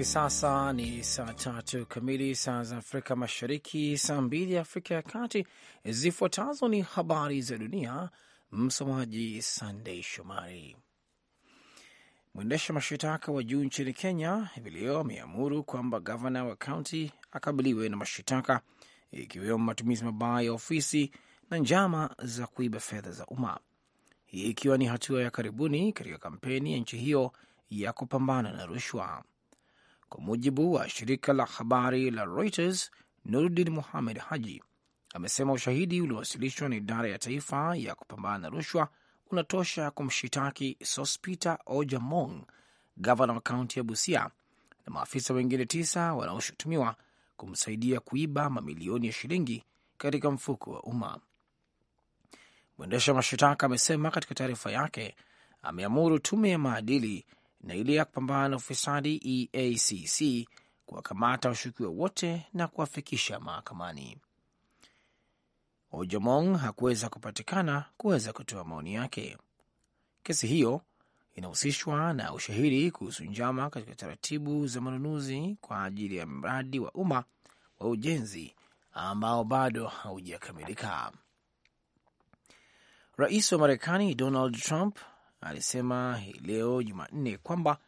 Hivi sasa ni saa tatu kamili saa za Afrika Mashariki, saa mbili ya Afrika ya Kati. Zifuatazo ni habari za dunia, msomaji Sandei Shomari. Mwendesha mashitaka wa juu nchini Kenya hivi leo ameamuru kwamba gavana wa kaunti akabiliwe na mashitaka ikiwemo matumizi mabaya ya ofisi na njama za kuiba fedha za umma, hii ikiwa ni hatua ya karibuni katika kampeni ya nchi hiyo ya kupambana na rushwa. Kwa mujibu wa shirika la habari la Reuters, Nuruddin muhamed Haji amesema ushahidi uliowasilishwa na idara ya taifa ya kupambana na rushwa unatosha kumshitaki Sospita Ojamong, gavana wa kaunti ya Busia, na maafisa wengine tisa wanaoshutumiwa kumsaidia kuiba mamilioni ya shilingi katika mfuko wa umma. Mwendesha mashitaka amesema katika taarifa yake ameamuru tume ya maadili na ile ya kupambana na ufisadi EACC kuwakamata washukiwa wote na kuwafikisha mahakamani. Ojomong hakuweza kupatikana kuweza kutoa maoni yake. Kesi hiyo inahusishwa na ushahidi kuhusu njama katika taratibu za manunuzi kwa ajili ya mradi wa umma wa ujenzi ambao bado haujakamilika. Rais wa Marekani Donald Trump alisema hii leo Jumanne kwamba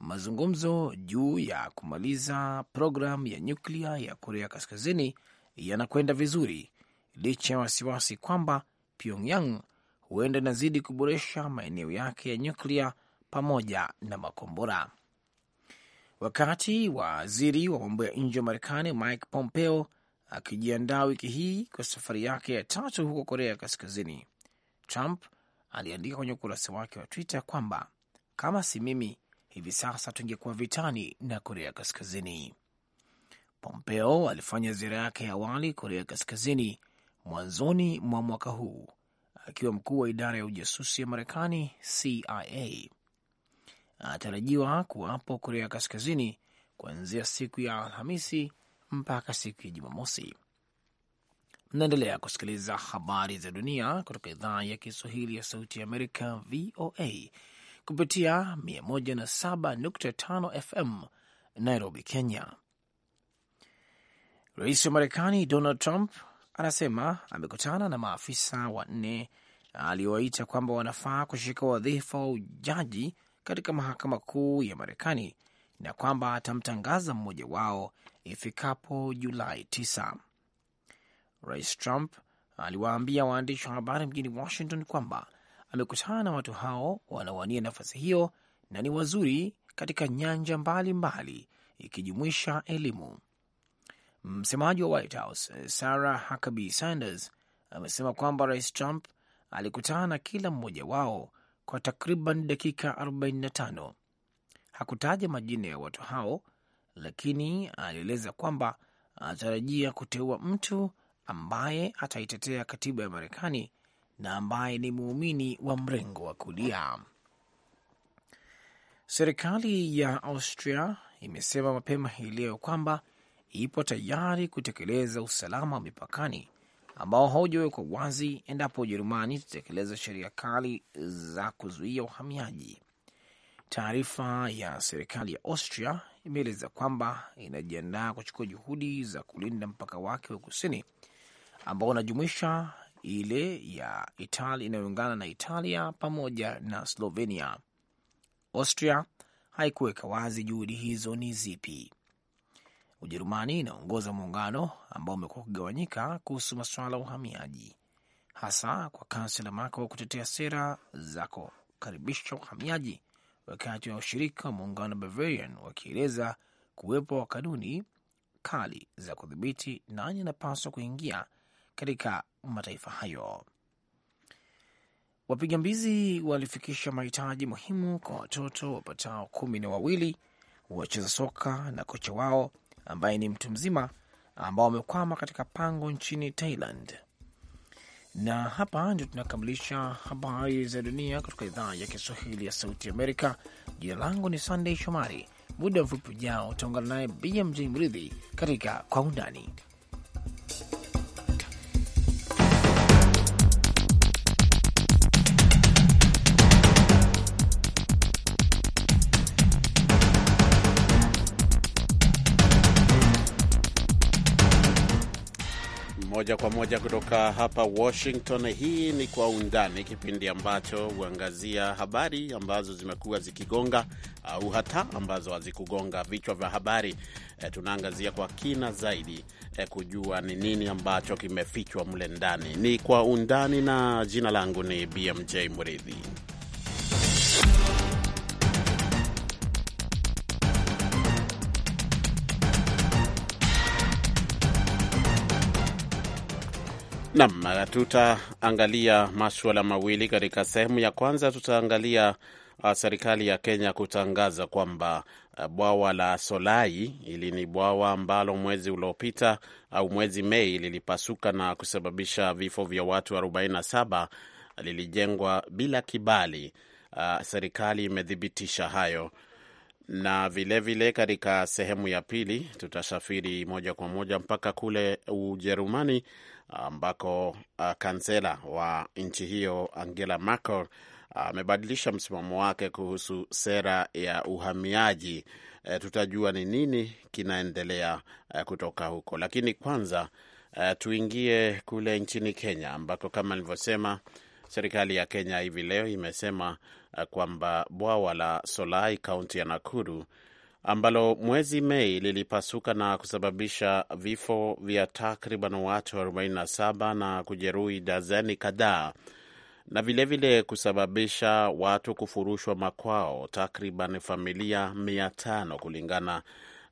mazungumzo juu ya kumaliza programu ya nyuklia ya Korea Kaskazini yanakwenda vizuri licha ya wasiwasi kwamba Pyongyang huenda inazidi kuboresha maeneo yake ya nyuklia pamoja na makombora. Wakati waziri wa mambo ya nje wa Marekani Mike Pompeo akijiandaa wiki hii kwa safari yake ya tatu huko Korea Kaskazini, Trump aliandika kwenye ukurasa wake wa Twitter kwamba kama si mimi, hivi sasa tungekuwa vitani na Korea Kaskazini. Pompeo alifanya ziara yake ya awali Korea Kaskazini mwanzoni mwa mwaka huu akiwa mkuu wa idara ya ujasusi ya Marekani, CIA. Anatarajiwa kuwapo Korea Kaskazini kuanzia siku ya Alhamisi mpaka siku ya Jumamosi. Mnaendelea kusikiliza habari za dunia kutoka idhaa ya Kiswahili ya Sauti ya Amerika, VOA, kupitia 107.5 FM Nairobi, Kenya. Rais wa Marekani Donald Trump anasema amekutana na maafisa wanne aliowaita kwamba wanafaa kushika wadhifa wa ujaji katika mahakama kuu ya Marekani na kwamba atamtangaza mmoja wao ifikapo Julai 9. Rais Trump aliwaambia waandishi wa habari mjini Washington kwamba amekutana na watu hao wanaowania nafasi hiyo na ni wazuri katika nyanja mbalimbali ikijumuisha elimu. Msemaji wa White House Sarah Huckabee Sanders amesema kwamba Rais Trump alikutana na kila mmoja wao kwa takriban dakika 45. Hakutaja majina ya watu hao, lakini alieleza kwamba anatarajia kuteua mtu ambaye ataitetea katiba ya Marekani na ambaye ni muumini wa mrengo wa kulia. Serikali ya Austria imesema mapema hii leo kwamba ipo tayari kutekeleza usalama wa mipakani ambao haujawekwa wazi endapo Ujerumani itatekeleza sheria kali za kuzuia uhamiaji. Taarifa ya serikali ya Austria imeeleza kwamba inajiandaa kuchukua juhudi za kulinda mpaka wake wa kusini ambao unajumuisha ile ya Itali inayoungana na Italia pamoja na Slovenia. Austria haikuweka wazi juhudi hizo ni zipi. Ujerumani inaongoza muungano ambao umekuwa ukigawanyika kuhusu masuala ya uhamiaji, hasa kwa kansela Merkel kutetea sera za kukaribisha uhamiaji, wakati wa ushirika wa muungano Bavarian wakieleza kuwepo wa kanuni kali za kudhibiti nani anapaswa kuingia katika mataifa hayo. Wapiga mbizi walifikisha mahitaji muhimu kwa watoto wapatao kumi na wawili wacheza soka na kocha wao ambaye ni mtu mzima, ambao wamekwama katika pango nchini Thailand. Na hapa ndio tunakamilisha habari za dunia kutoka idhaa ya Kiswahili ya Sauti Amerika. Jina langu ni Sandey Shomari. Muda mfupi ujao utaungana naye BMJ Mridhi katika Kwa Undani. moja kwa moja kutoka hapa Washington. Hii ni Kwa Undani, kipindi ambacho huangazia habari ambazo zimekuwa zikigonga au hata ambazo hazikugonga vichwa vya habari. E, tunaangazia kwa kina zaidi e, kujua ni nini ambacho kimefichwa mle ndani. Ni Kwa Undani na jina langu ni BMJ mridhi Nam, tutaangalia maswala mawili katika sehemu ya kwanza. Tutaangalia uh, serikali ya Kenya kutangaza kwamba uh, bwawa la Solai, hili ni bwawa ambalo mwezi uliopita au mwezi Mei lilipasuka na kusababisha vifo vya watu 47 uh, lilijengwa bila kibali. Uh, serikali imethibitisha hayo na vilevile katika sehemu ya pili tutasafiri moja kwa moja mpaka kule Ujerumani ambako uh, kansela wa nchi hiyo Angela Merkel amebadilisha uh, msimamo wake kuhusu sera ya uhamiaji. Uh, tutajua ni nini kinaendelea uh, kutoka huko, lakini kwanza uh, tuingie kule nchini Kenya ambako kama nilivyosema serikali ya Kenya hivi leo imesema uh, kwamba bwawa la Solai kaunti ya Nakuru ambalo mwezi Mei lilipasuka na kusababisha vifo vya takriban watu 47 na kujeruhi dazeni kadhaa na vilevile vile kusababisha watu kufurushwa makwao takriban familia 500 kulingana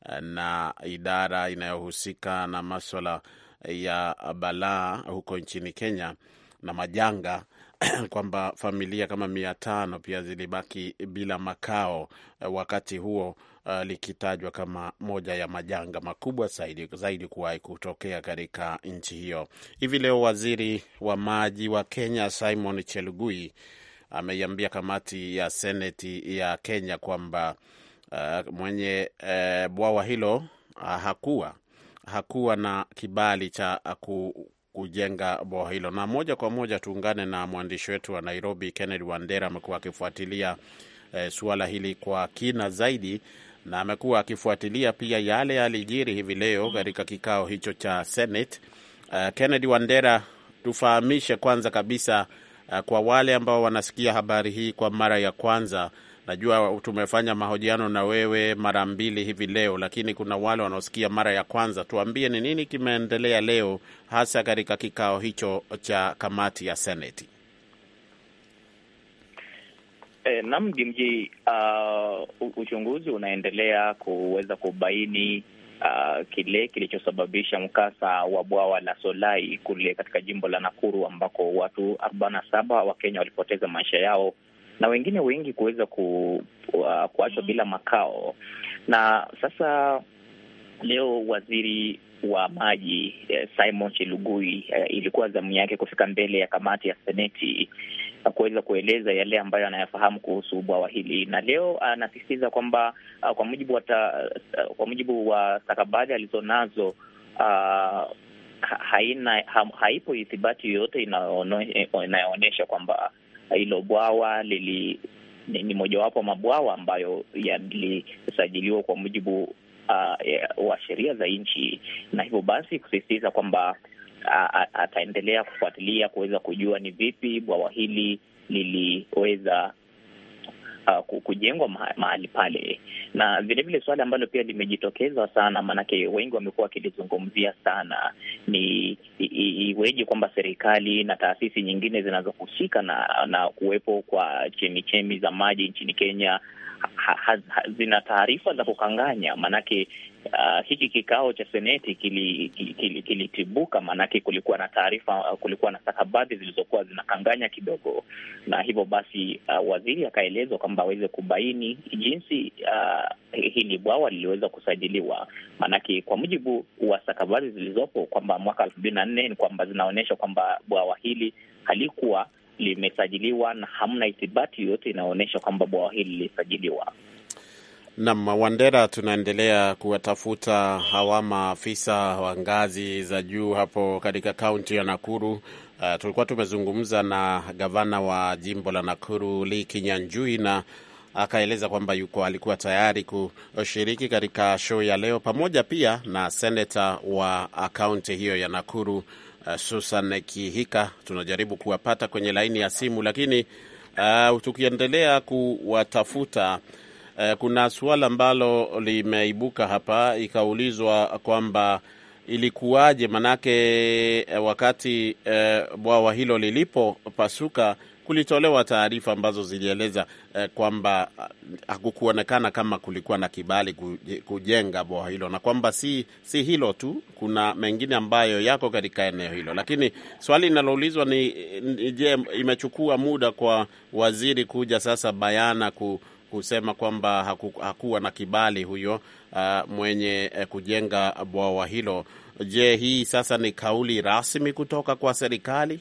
eh, na idara inayohusika na maswala ya balaa huko nchini Kenya na majanga kwamba familia kama mia tano pia zilibaki bila makao eh, wakati huo uh, likitajwa kama moja ya majanga makubwa zaidi, zaidi kuwahi kutokea katika nchi hiyo. Hivi leo waziri wa maji wa Kenya Simon Chelugui ameiambia kamati ya seneti ya Kenya kwamba uh, mwenye uh, bwawa hilo uh, hakuwa hakuwa na kibali cha kujenga bwawa hilo. Na moja kwa moja tuungane na mwandishi wetu wa Nairobi Kennedy Wandera, amekuwa akifuatilia eh, suala hili kwa kina zaidi na amekuwa akifuatilia pia yale yalijiri hivi leo mm. katika kikao hicho cha Senate. Uh, Kennedy Wandera, tufahamishe kwanza kabisa uh, kwa wale ambao wanasikia habari hii kwa mara ya kwanza Najua tumefanya mahojiano na wewe mara mbili hivi leo, lakini kuna wale wanaosikia mara ya kwanza. Tuambie ni nini kimeendelea leo hasa katika kikao hicho cha kamati ya Seneti. E, eh, NamDMG uh, uchunguzi unaendelea kuweza kubaini uh, kile kilichosababisha mkasa wa bwawa la Solai kule katika jimbo la Nakuru ambako watu arobaini na saba wa Kenya walipoteza maisha yao na wengine wengi kuweza ku, uh, kuachwa bila makao. Na sasa leo waziri wa maji eh, Simon chilugui uh, ilikuwa zamu yake kufika mbele ya kamati ya Seneti na kuweza kueleza yale ambayo anayafahamu kuhusu bwawa hili, na leo anasisitiza kwamba uh, kwa mujibu wa uh, kwa mujibu wa stakabadhi alizonazo uh, haina ha, haipo ithibati yoyote inayoonyesha kwamba hilo bwawa lili ni, ni mojawapo mabwawa ambayo yalisajiliwa kwa mujibu uh, wa sheria za nchi, na hivyo basi kusisitiza kwamba ataendelea kufuatilia kuweza kujua ni vipi bwawa hili liliweza Uh, kujengwa mahali pale, na vilevile suala ambalo pia limejitokeza sana, maanake wengi wamekuwa wakilizungumzia sana, ni iweje kwamba serikali na taasisi nyingine zinazohusika na na kuwepo kwa chemichemi za maji nchini Kenya ha, ha, ha, zina taarifa za kukanganya maanake Uh, hiki kikao cha seneti kilitibuka kili, kili, kili maanake kulikuwa na taarifa, uh, kulikuwa na stakabadhi zilizokuwa zinakanganya kidogo, na hivyo basi uh, waziri akaelezwa kwamba aweze kubaini jinsi uh, hili bwawa liliweza kusajiliwa, maanake kwa mujibu wa stakabadhi zilizopo kwamba mwaka elfu mbili na nne ni kwamba zinaonyesha kwamba bwawa hili halikuwa limesajiliwa na hamna ithibati yoyote inaonyesha kwamba bwawa hili lilisajiliwa. Nam Wandera, tunaendelea kuwatafuta hawa maafisa wa ngazi za juu hapo katika kaunti ya Nakuru. Uh, tulikuwa tumezungumza na gavana wa jimbo la Nakuru Lee Kinyanjui na akaeleza kwamba yuko alikuwa tayari kushiriki katika show ya leo pamoja pia na seneta wa kaunti hiyo ya Nakuru Uh, Susan Kihika. Tunajaribu kuwapata kwenye laini ya simu, lakini uh, tukiendelea kuwatafuta uh, kuna suala ambalo limeibuka hapa, ikaulizwa kwamba ilikuwaje, manake uh, wakati uh, bwawa hilo lilipopasuka kulitolewa taarifa ambazo zilieleza eh, kwamba eh, hakukuonekana kama kulikuwa na kibali kujenga bwawa hilo na kwamba si, si hilo tu, kuna mengine ambayo yako katika eneo hilo. Lakini swali linaloulizwa ni je, imechukua muda kwa waziri kuja sasa bayana ku kusema kwamba haku, hakuwa na kibali huyo uh, mwenye eh, kujenga bwawa hilo. Je, hii sasa ni kauli rasmi kutoka kwa serikali?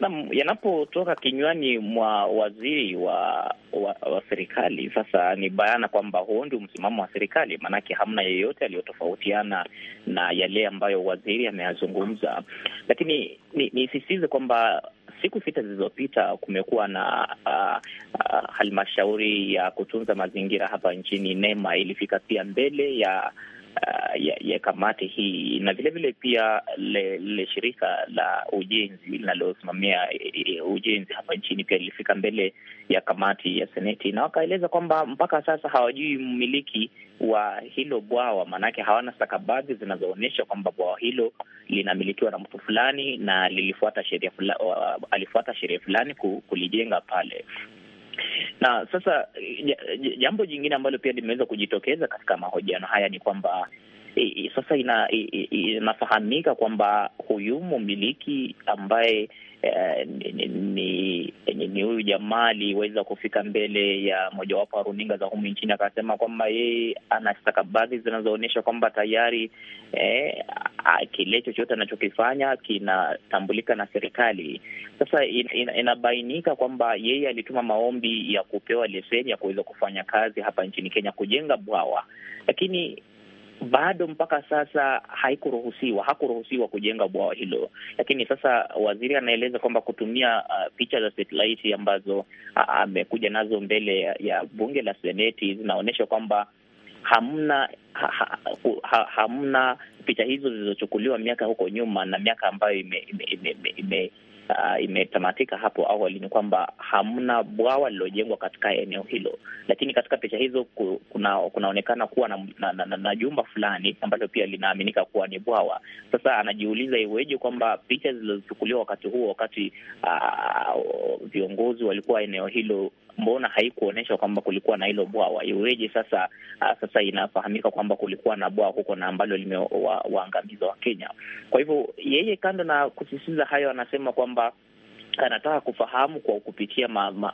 Naam, yanapotoka kinywani mwa waziri wa, wa, wa serikali, sasa ni bayana kwamba huo ndio msimamo wa serikali, maanake hamna yeyote aliyotofautiana na yale ambayo waziri ameyazungumza. Lakini nisisitize ni kwamba siku sita zilizopita kumekuwa na uh, uh, halmashauri ya kutunza mazingira hapa nchini NEMA ilifika pia mbele ya uh, ya, ya kamati hii na vilevile pia le, le shirika la ujenzi linalosimamia e, e, ujenzi hapa nchini pia lilifika mbele ya kamati ya Seneti na wakaeleza kwamba mpaka sasa hawajui mmiliki wa hilo bwawa, maanake hawana stakabadhi zinazoonyesha kwamba bwawa hilo linamilikiwa na mtu fulani na lilifuata sheria uh, alifuata sheria fulani kulijenga pale. Na sasa jambo jingine ambalo pia limeweza kujitokeza katika mahojiano haya ni kwamba sasa ina, inafahamika kwamba huyu mmiliki ambaye eh, ni ni huyu jamaa aliweza kufika mbele ya mojawapo wa runinga za humu nchini akasema kwamba yeye ana stakabadhi zinazoonyesha kwamba tayari eh, kile chochote anachokifanya kinatambulika na serikali. Sasa in, in, inabainika kwamba yeye alituma maombi ya kupewa leseni ya kuweza kufanya kazi hapa nchini Kenya, kujenga bwawa, lakini bado mpaka sasa haikuruhusiwa, hakuruhusiwa kujenga bwawa hilo, lakini sasa waziri anaeleza kwamba kutumia uh, picha za satelaiti ambazo uh, amekuja nazo mbele ya bunge la seneti zinaonyesha kwamba hamna ha, ha, ha, hamna picha hizo zilizochukuliwa miaka huko nyuma na miaka ambayo ime, ime, ime, ime, ime uh, imetamatika hapo awali ni kwamba hamna bwawa lililojengwa katika eneo hilo, lakini katika picha hizo kuna kunaonekana kuwa na, na, na, na, na jumba fulani ambalo pia linaaminika kuwa ni bwawa. Sasa anajiuliza iweje kwamba picha zilizochukuliwa wakati huo, wakati uh, viongozi walikuwa eneo hilo mbona haikuonyesha kwamba kulikuwa na hilo bwawa? Iweje sasa ah, sasa inafahamika kwamba kulikuwa na bwawa huko na ambalo limewaangamiza wa, Wakenya. Kwa hivyo yeye, kando na kusisitiza hayo, anasema kwamba anataka kufahamu kwa kupitia ma, ma,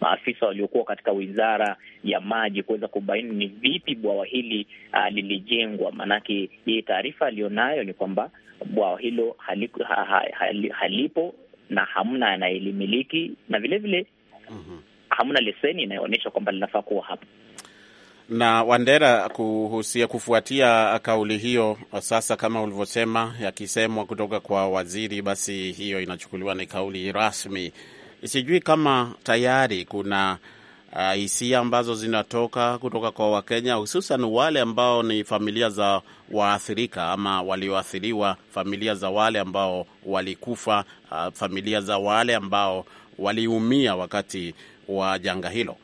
maafisa waliokuwa katika wizara ya maji kuweza kubaini ni vipi bwawa hili uh, lilijengwa. Maanake yeye taarifa aliyonayo ni kwamba bwawa hilo halipo, halipo na hamna anayelimiliki na vilevile mm -hmm hamna leseni inayoonyesha kwamba linafaa kuwa hapa Na Wandera, kuhusia kufuatia kauli hiyo, sasa kama ulivyosema, yakisemwa kutoka kwa waziri, basi hiyo inachukuliwa ni kauli rasmi. Sijui kama tayari kuna uh, hisia ambazo zinatoka kutoka kwa Wakenya, hususan wale ambao ni familia za waathirika ama walioathiriwa, familia za wale ambao walikufa, uh, familia za wale ambao waliumia wakati wa janga hilo?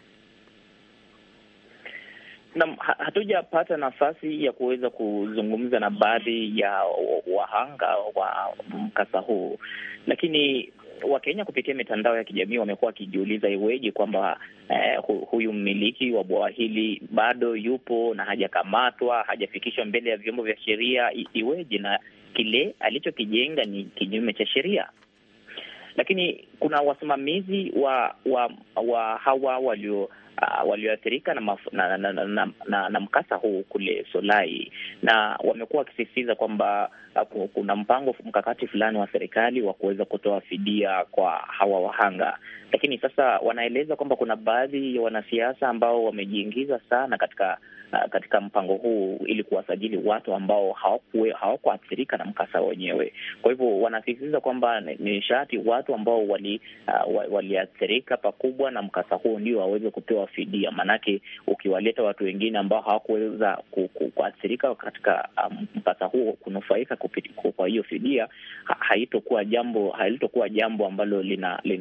Naam, hatujapata nafasi ya kuweza kuzungumza na baadhi ya wahanga wa mkasa huu, lakini Wakenya kupitia mitandao ya kijamii wamekuwa wakijiuliza iweje kwamba eh, huyu mmiliki wa bwawa hili bado yupo na hajakamatwa, hajafikishwa mbele ya vyombo vya sheria, iweje na kile alichokijenga ni kinyume cha sheria. Lakini kuna wasimamizi wa wa, wa hawa walio Uh, walioathirika na, na, na, na, na, na mkasa huu kule Solai, na wamekuwa wakisisitiza kwamba uh, kuna mpango mkakati fulani wa serikali wa kuweza kutoa fidia kwa hawa wahanga, lakini sasa wanaeleza kwamba kuna baadhi ya wanasiasa ambao wamejiingiza sana katika uh, katika mpango huu ili kuwasajili watu ambao hawakuathirika na mkasa wenyewe. Kwa hivyo wanasisitiza kwamba ni sharti watu ambao wali uh, waliathirika pakubwa na mkasa huo, ndio waweze kupewa fidia. Maanake ukiwaleta watu wengine ambao hawakuweza kuathirika katika um, mkasa huo kunufaika kwa hiyo fidia, haitokuwa jambo halitokuwa jambo ambalo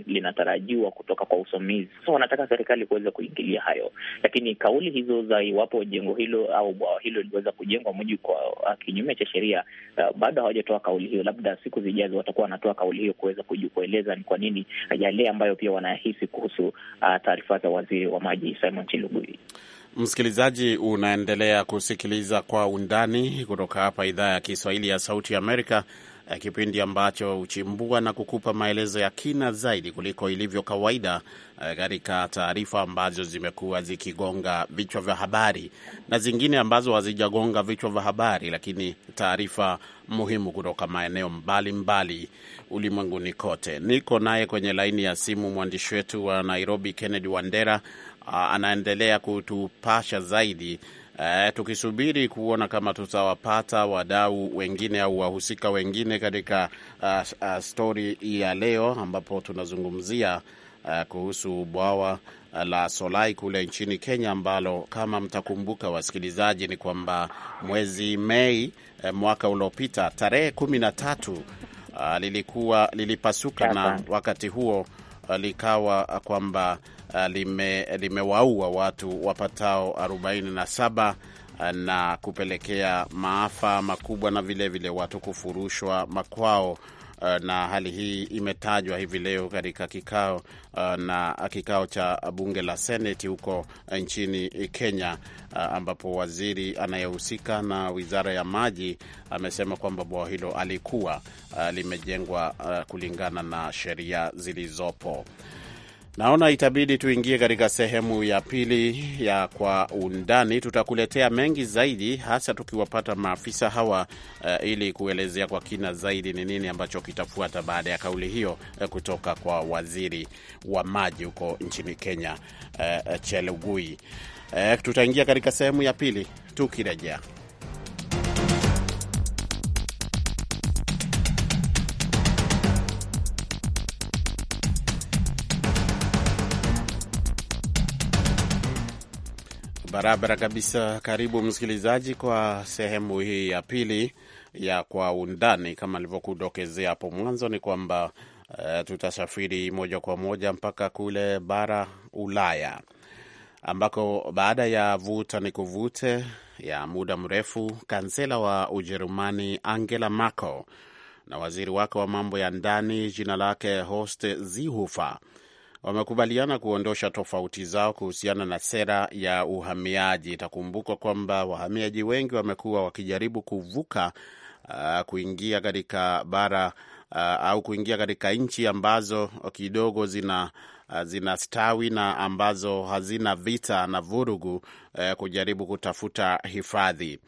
linatarajiwa lina kutoka kwa usomizi. so, wanataka serikali kuweza kuingilia hayo, lakini kauli hizo za iwapo jengo hilo au bwawa hilo liliweza kujengwa mji kwa uh, kinyume cha sheria, uh, bado hawajatoa kauli hiyo. Labda siku zijazo watakuwa wanatoa kauli hiyo kuweza kujikueleza ni kwa nini zaidi yale ambayo pia wanahisi kuhusu uh, taarifa za waziri wa maji Simon Chelugui. Msikilizaji, unaendelea kusikiliza kwa undani kutoka hapa idhaa ya Kiswahili ya Sauti ya Amerika Eh, kipindi ambacho huchimbua na kukupa maelezo ya kina zaidi kuliko ilivyo kawaida eh, katika taarifa ambazo zimekuwa zikigonga vichwa vya habari na zingine ambazo hazijagonga vichwa vya habari, lakini taarifa muhimu kutoka maeneo mbalimbali ulimwenguni kote. Niko naye kwenye laini ya simu mwandishi wetu wa Nairobi, Kennedy Wandera, ah, anaendelea kutupasha zaidi eh, tukisubiri kuona kama tutawapata wadau wengine au wahusika wengine katika uh, ah, uh, ah, stori ya leo ambapo tunazungumzia uh, kuhusu bwawa la Solai kule nchini Kenya ambalo kama mtakumbuka wasikilizaji, ni kwamba mwezi Mei eh, mwaka uliopita tarehe kumi na tatu lilikuwa lilipasuka, na wakati huo likawa kwamba Eh, lime, limewaua watu wapatao 47 eh, na kupelekea maafa makubwa na vilevile vile watu kufurushwa makwao eh, na hali hii imetajwa hivi leo katika kikao na kikao cha bunge la seneti huko nchini Kenya, ambapo waziri anayehusika na wizara ya maji amesema kwamba bwawa hilo alikuwa limejengwa kulingana na sheria zilizopo. Naona itabidi tuingie katika sehemu ya pili ya Kwa Undani. Tutakuletea mengi zaidi, hasa tukiwapata maafisa hawa uh, ili kuelezea kwa kina zaidi ni nini ambacho kitafuata baada ya kauli hiyo uh, kutoka kwa waziri wa maji huko nchini Kenya, uh, Chelugui. Uh, tutaingia katika sehemu ya pili tukirejea. Barabara kabisa. Karibu msikilizaji kwa sehemu hii ya pili ya Kwa Undani. Kama alivyokudokezea hapo mwanzo, ni kwamba uh, tutasafiri moja kwa moja mpaka kule bara Ulaya ambako baada ya vuta ni kuvute ya muda mrefu, kansela wa Ujerumani Angela Merkel na waziri wake wa mambo ya ndani jina lake Horst Seehofer wamekubaliana kuondosha tofauti zao kuhusiana na sera ya uhamiaji. Itakumbukwa kwamba wahamiaji wengi wamekuwa wakijaribu kuvuka uh, kuingia katika bara uh, au kuingia katika nchi ambazo kidogo zina uh, zinastawi na ambazo hazina vita na vurugu eh, kujaribu kutafuta hifadhi.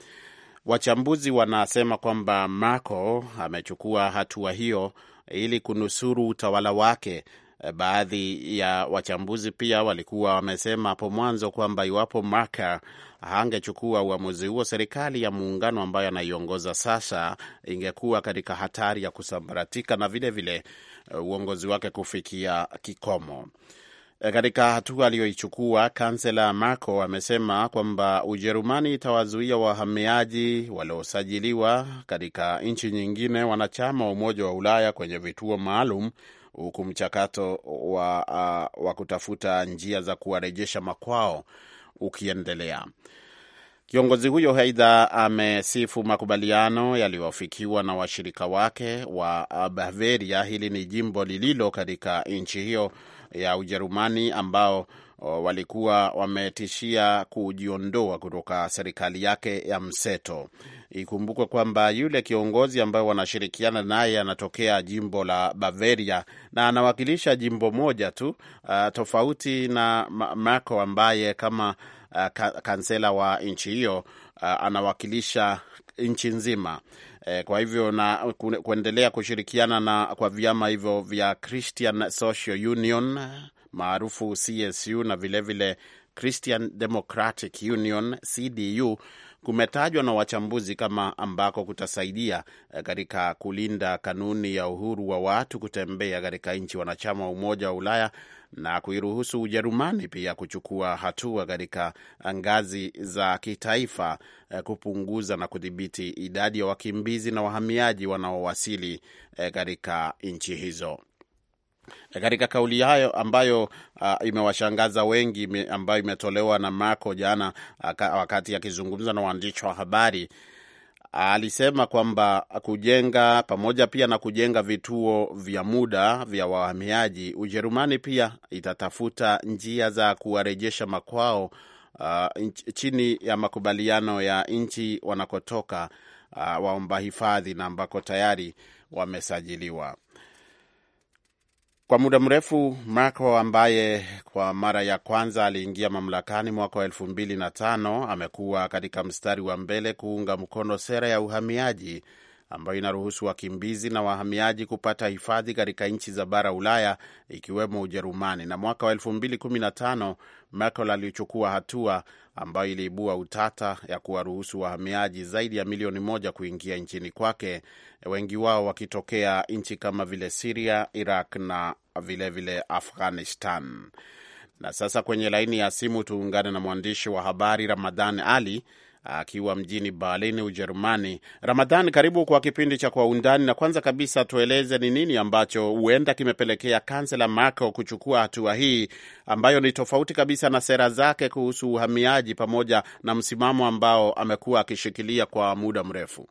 Wachambuzi wanasema kwamba Merkel amechukua hatua hiyo ili kunusuru utawala wake Eh, baadhi ya wachambuzi pia walikuwa wamesema hapo mwanzo kwamba iwapo Maka hangechukua uamuzi huo, serikali ya muungano ambayo anaiongoza sasa ingekuwa katika hatari ya kusambaratika na vilevile vile, eh, uongozi wake kufikia kikomo. Eh, katika hatua aliyoichukua kansela Merkel amesema kwamba Ujerumani itawazuia wahamiaji waliosajiliwa katika nchi nyingine wanachama wa Umoja wa Ulaya kwenye vituo maalum huku mchakato wa, uh, wa kutafuta njia za kuwarejesha makwao ukiendelea. Kiongozi huyo aidha amesifu makubaliano yaliyofikiwa na washirika wake wa Bavaria. Hili ni jimbo lililo katika nchi hiyo ya Ujerumani ambao walikuwa wametishia kujiondoa kutoka serikali yake ya mseto. Ikumbukwe kwamba yule kiongozi ambaye wanashirikiana naye anatokea jimbo la Bavaria na anawakilisha jimbo moja tu uh, tofauti na Merkel ambaye kama uh, ka kansela wa nchi hiyo uh, anawakilisha nchi nzima uh, kwa hivyo na kuendelea kushirikiana na kwa vyama hivyo vya Christian Social Union maarufu CSU na vilevile vile Christian Democratic Union CDU kumetajwa na wachambuzi kama ambako kutasaidia eh, katika kulinda kanuni ya uhuru wa watu kutembea katika nchi wanachama wa Umoja wa Ulaya na kuiruhusu Ujerumani pia kuchukua hatua katika eh, ngazi za kitaifa eh, kupunguza na kudhibiti idadi ya wakimbizi na wahamiaji wanaowasili katika nchi hizo. Katika kauli hayo ambayo uh, imewashangaza wengi me, ambayo imetolewa na Marco jana uh, wakati akizungumza na waandishi wa habari alisema kwamba kujenga pamoja pia na kujenga vituo vya muda vya wahamiaji, Ujerumani pia itatafuta njia za kuwarejesha makwao uh, chini ya makubaliano ya nchi wanakotoka uh, waomba hifadhi na ambako tayari wamesajiliwa. Kwa muda mrefu Macron ambaye kwa mara ya kwanza aliingia mamlakani mwaka wa elfu mbili na tano amekuwa katika mstari wa mbele kuunga mkono sera ya uhamiaji ambayo inaruhusu wakimbizi na wahamiaji kupata hifadhi katika nchi za bara Ulaya ikiwemo Ujerumani. Na mwaka wa elfu mbili kumi na tano Merkel alichukua hatua ambayo iliibua utata ya kuwaruhusu wahamiaji zaidi ya milioni moja kuingia nchini kwake, wengi wao wakitokea nchi kama vile Siria, Iraq na vilevile vile Afghanistan. Na sasa kwenye laini ya simu tuungane na mwandishi wa habari Ramadhan Ali akiwa mjini Berlin, Ujerumani. Ramadhan, karibu kwa kipindi cha Kwa Undani, na kwanza kabisa tueleze ni nini ambacho huenda kimepelekea kansela Merkel kuchukua hatua hii ambayo ni tofauti kabisa na sera zake kuhusu uhamiaji pamoja na msimamo ambao amekuwa akishikilia kwa muda mrefu.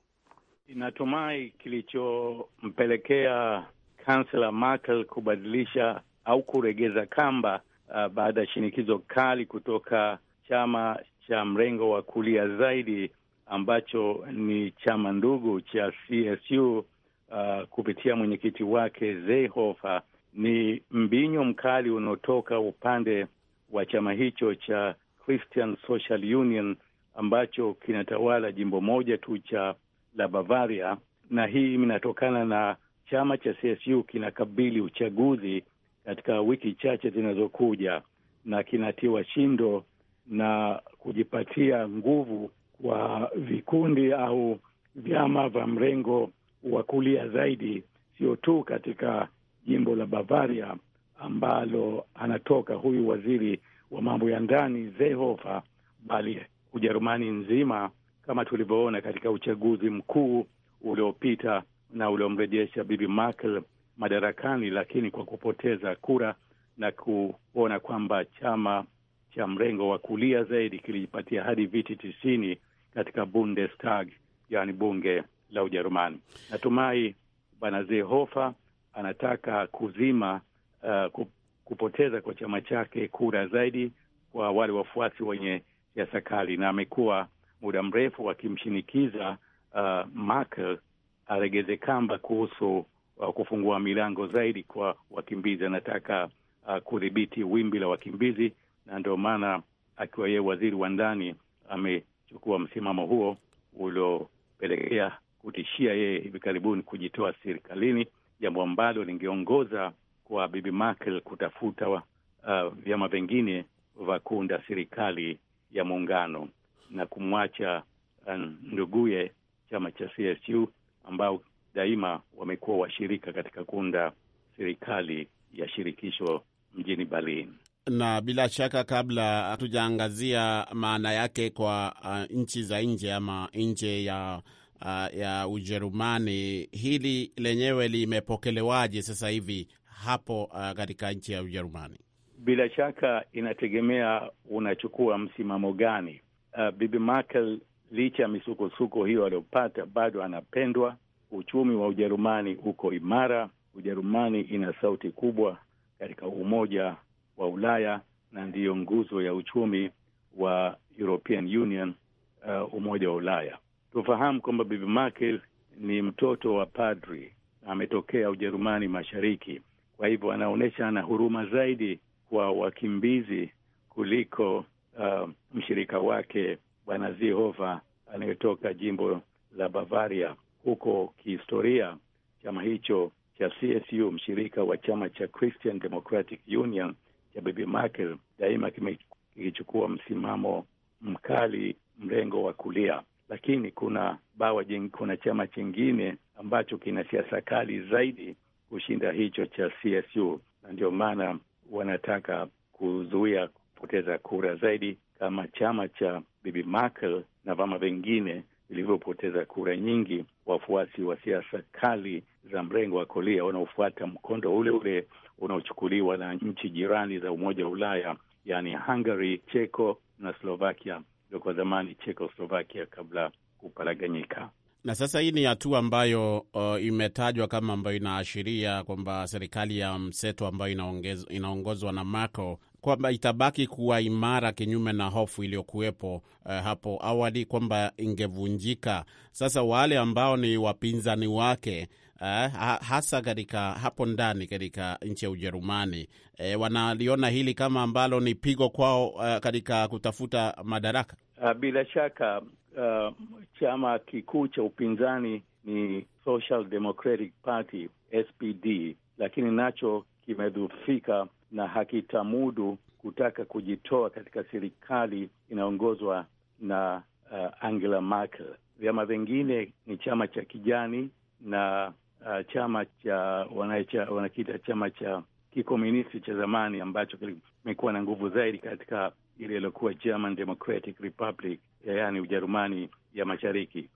Inatumai kilichompelekea kansela Merkel kubadilisha au kuregeza kamba uh, baada ya shinikizo kali kutoka chama cha mrengo wa kulia zaidi ambacho ni chama ndugu cha CSU uh, kupitia mwenyekiti wake Zehofa, Ni mbinyo mkali unaotoka upande wa chama hicho cha Christian Social Union ambacho kinatawala jimbo moja tu cha la Bavaria, na hii inatokana na chama cha CSU kinakabili uchaguzi katika wiki chache zinazokuja na kinatiwa shindo na kujipatia nguvu kwa vikundi au vyama vya mrengo wa kulia zaidi, sio tu katika jimbo la Bavaria ambalo anatoka huyu waziri wa mambo ya ndani Zehofa, bali Ujerumani nzima, kama tulivyoona katika uchaguzi mkuu uliopita na uliomrejesha Bibi Merkel madarakani, lakini kwa kupoteza kura na kuona kwamba chama cha mrengo wa kulia zaidi kilijipatia hadi viti tisini katika Bundestag, yani bunge la Ujerumani. Natumai bwana Zehofa anataka kuzima uh, kupoteza kwa chama chake kura zaidi kwa wale wafuasi wenye siasa kali, na amekuwa muda mrefu akimshinikiza uh, Merkel aregeze kamba kuhusu uh, kufungua milango zaidi kwa wakimbizi. Anataka uh, kudhibiti wimbi la wakimbizi na ndio maana akiwa yeye waziri wa ndani amechukua msimamo huo uliopelekea kutishia yeye hivi karibuni kujitoa serikalini, jambo ambalo lingeongoza kwa Bibi Merkel kutafuta wa, uh, vyama vingine vya kuunda serikali ya muungano na kumwacha uh, nduguye chama cha CSU ambao daima wamekuwa washirika katika kuunda serikali ya shirikisho mjini Berlin na bila shaka, kabla hatujaangazia maana yake kwa uh, nchi za nje ama nje ya uh, ya Ujerumani, hili lenyewe limepokelewaje sasa hivi hapo uh, katika nchi ya Ujerumani? Bila shaka inategemea unachukua msimamo gani. Uh, Bibi Merkel licha ya misukosuko hiyo aliyopata, bado anapendwa. Uchumi wa Ujerumani uko imara. Ujerumani ina sauti kubwa katika Umoja wa Ulaya na ndiyo nguzo ya uchumi wa European Union, uh, umoja wa Ulaya. Tufahamu kwamba Bibi Merkel ni mtoto wa padri, ametokea Ujerumani Mashariki, kwa hivyo anaonyesha ana huruma zaidi kwa wakimbizi kuliko uh, mshirika wake Bwana Zihova anayetoka jimbo la Bavaria. Huko kihistoria, chama hicho cha CSU, mshirika wa chama cha Christian Democratic Union cha Bibi Merkel daima kikichukua msimamo mkali mrengo wa kulia, lakini kuna bawa jing, kuna chama chingine ambacho kina siasa kali zaidi kushinda hicho cha CSU, na ndio maana wanataka kuzuia kupoteza kura zaidi, kama chama cha Bibi Merkel na vyama vingine vilivyopoteza kura nyingi. Wafuasi wa siasa kali za mrengo wa kulia wanaofuata mkondo ule ule unaochukuliwa na nchi jirani za Umoja wa Ulaya, yaani Hungary, Cheko na Slovakia, ndio kwa zamani Chekoslovakia kabla kupalaganyika. na sasa hii ni hatua ambayo uh, imetajwa kama ambayo inaashiria kwamba serikali ya mseto ambayo inaongozwa na Merkel kwamba itabaki kuwa imara, kinyume na hofu iliyokuwepo uh, hapo awali kwamba ingevunjika. Sasa wale ambao ni wapinzani wake eh, hasa katika hapo ndani katika nchi ya Ujerumani eh, wanaliona hili kama ambalo ni pigo kwao eh, katika kutafuta madaraka. Ah, bila shaka uh, chama kikuu cha upinzani ni Social Democratic Party SPD, lakini nacho kimedhufika na hakitamudu kutaka kujitoa katika serikali inayoongozwa na uh, Angela Merkel. Vyama vingine ni chama cha kijani na uh, chama cha wanakita chama cha kikomunisti cha zamani ambacho kimekuwa na nguvu zaidi katika ile iliyokuwa German Democratic Republic, yaani Ujerumani ya Mashariki.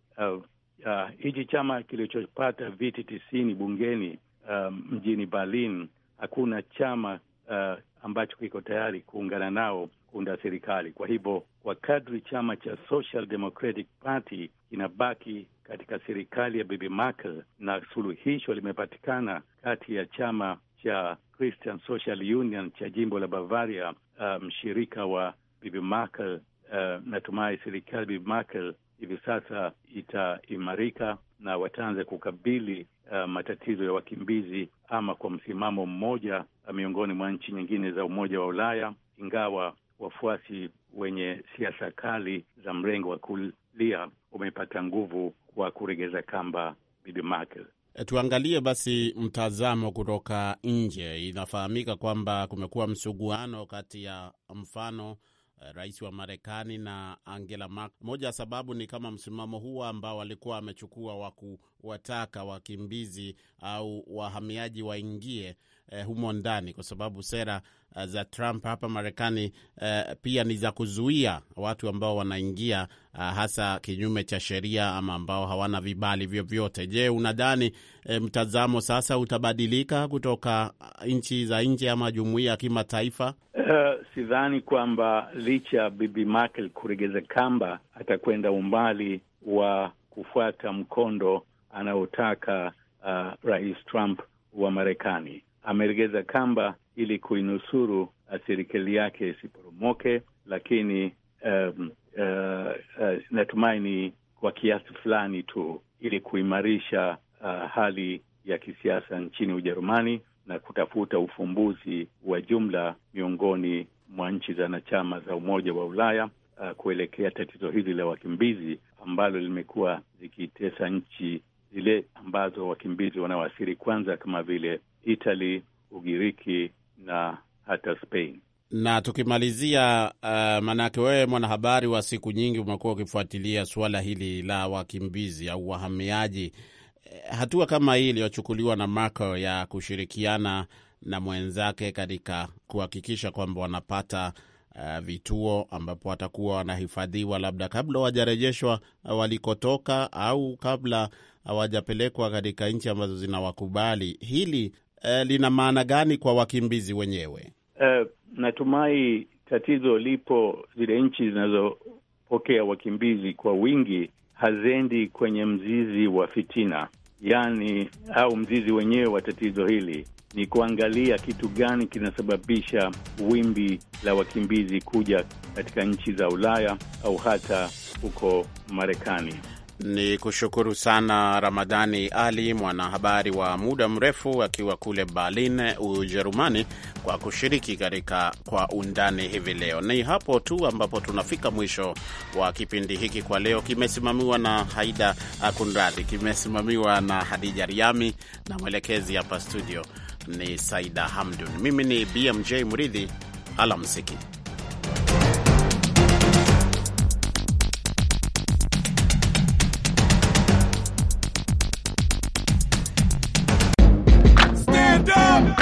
Hichi uh, uh, chama kilichopata viti tisini bungeni uh, mjini Berlin, hakuna chama uh, ambacho kiko tayari kuungana nao kuunda serikali. Kwa hivyo, kwa kadri chama cha Social Democratic Party kinabaki katika serikali ya Bibi Merkel, na suluhisho limepatikana kati ya chama cha Christian Social Union cha jimbo la Bavaria, mshirika um, wa Bibi Merkel. Uh, natumai serikali Bibi Merkel hivi sasa itaimarika na wataanza kukabili uh, matatizo ya wakimbizi ama kwa msimamo mmoja uh, miongoni mwa nchi nyingine za Umoja wa Ulaya, ingawa wafuasi wenye siasa kali za mrengo wa kulia umepata nguvu wa kuregeza kamba Bibi Merkel. E, tuangalie basi mtazamo kutoka nje. Inafahamika kwamba kumekuwa msuguano kati ya mfano e, rais wa Marekani na Angela Merkel. Moja ya sababu ni kama msimamo huo ambao alikuwa amechukua wa kuwataka wakimbizi au wahamiaji waingie eh, humo ndani, kwa sababu sera eh, za Trump hapa Marekani eh, pia ni za kuzuia watu ambao wanaingia uh, hasa kinyume cha sheria ama ambao hawana vibali vyovyote. Je, unadhani eh, mtazamo sasa utabadilika kutoka eh, nchi za nje ama jumuiya ya kimataifa? Uh, sidhani kwamba licha ya Bibi Merkel kuregeza kamba atakwenda umbali wa kufuata mkondo anaotaka uh, Rais Trump wa Marekani amelegeza kamba ili kuinusuru uh, serikali yake isiporomoke, lakini um, uh, uh, natumaini kwa kiasi fulani tu ili kuimarisha uh, hali ya kisiasa nchini Ujerumani na kutafuta ufumbuzi wa jumla miongoni mwa nchi za wanachama za Umoja wa Ulaya uh, kuelekea tatizo hili la wakimbizi ambalo limekuwa zikitesa nchi zile ambazo wakimbizi wanaoathiri kwanza kama vile Italy, Ugiriki na hata Spain. Na tukimalizia, uh, maanake wewe mwanahabari wa siku nyingi umekuwa ukifuatilia suala hili la wakimbizi au wahamiaji. Eh, hatua kama hii iliyochukuliwa na Marco ya kushirikiana na mwenzake katika kuhakikisha kwamba wanapata uh, vituo ambapo watakuwa wanahifadhiwa labda kabla wajarejeshwa walikotoka au kabla hawajapelekwa katika nchi ambazo zinawakubali. Hili eh, lina maana gani kwa wakimbizi wenyewe? Eh, natumai tatizo lipo, zile nchi zinazopokea wakimbizi kwa wingi haziendi kwenye mzizi wa fitina, yani au mzizi wenyewe wa tatizo hili ni kuangalia kitu gani kinasababisha wimbi la wakimbizi kuja katika nchi za Ulaya au hata huko Marekani. Ni kushukuru sana Ramadhani Ali, mwanahabari wa muda mrefu akiwa kule Berlin, Ujerumani, kwa kushiriki katika Kwa Undani hivi leo. Ni hapo tu ambapo tunafika mwisho wa kipindi hiki kwa leo. Kimesimamiwa na Haida Kunradi, kimesimamiwa na Hadija Riami na mwelekezi hapa studio ni Saida Hamdun. Mimi ni BMJ ala alamsiki.